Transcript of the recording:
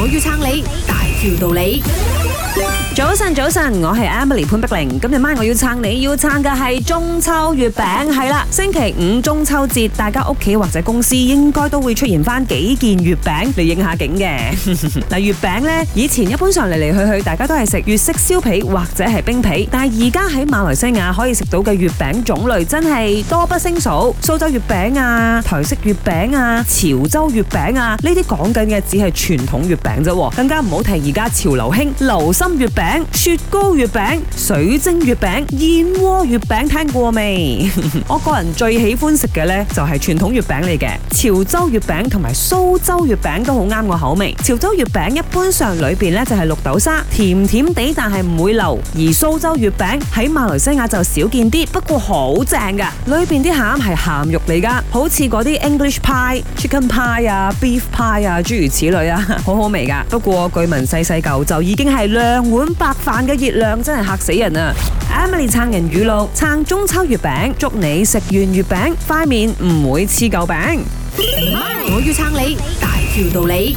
我要撐你，大條道理。早晨，早晨，我係 Emily 潘碧玲。今日晚我要撐你要撐嘅係中秋月餅，係啦，星期五中秋節，大家屋企或者公司應該都會出現翻幾件月餅嚟應下景嘅。嗱， 月餅咧，以前一般上嚟嚟去去，大家都係食粵式燒皮或者係冰皮，但係而家喺馬來西亞可以食到嘅月餅種類真係多不勝數，蘇州月餅啊，台式月餅啊，潮州月餅啊，呢啲講緊嘅只係傳統月餅啫，更加唔好提而家潮流興流，流心月餅。雪糕月餅、水晶月餅、燕窩月餅聽過未？ 我個人最喜歡食嘅呢就係傳統月餅嚟嘅，潮州月餅同埋蘇州月餅都好啱我口味。潮州月餅一般上裏邊呢就係綠豆沙，甜甜地但係唔會流；而蘇州月餅喺馬來西亞就少見啲，不過好正噶，裏邊啲餡係咸肉嚟噶，好似嗰啲 English pie、Chicken pie 啊、Beef pie 啊諸如此類啊，好好味噶。不過據聞細細嚿就已經係兩碗。白飯嘅熱量真係嚇死人啊！Emily 撐人語錄撐中秋月餅，祝你食完月餅塊面唔會黐舊餅。我要撐你，大條道理。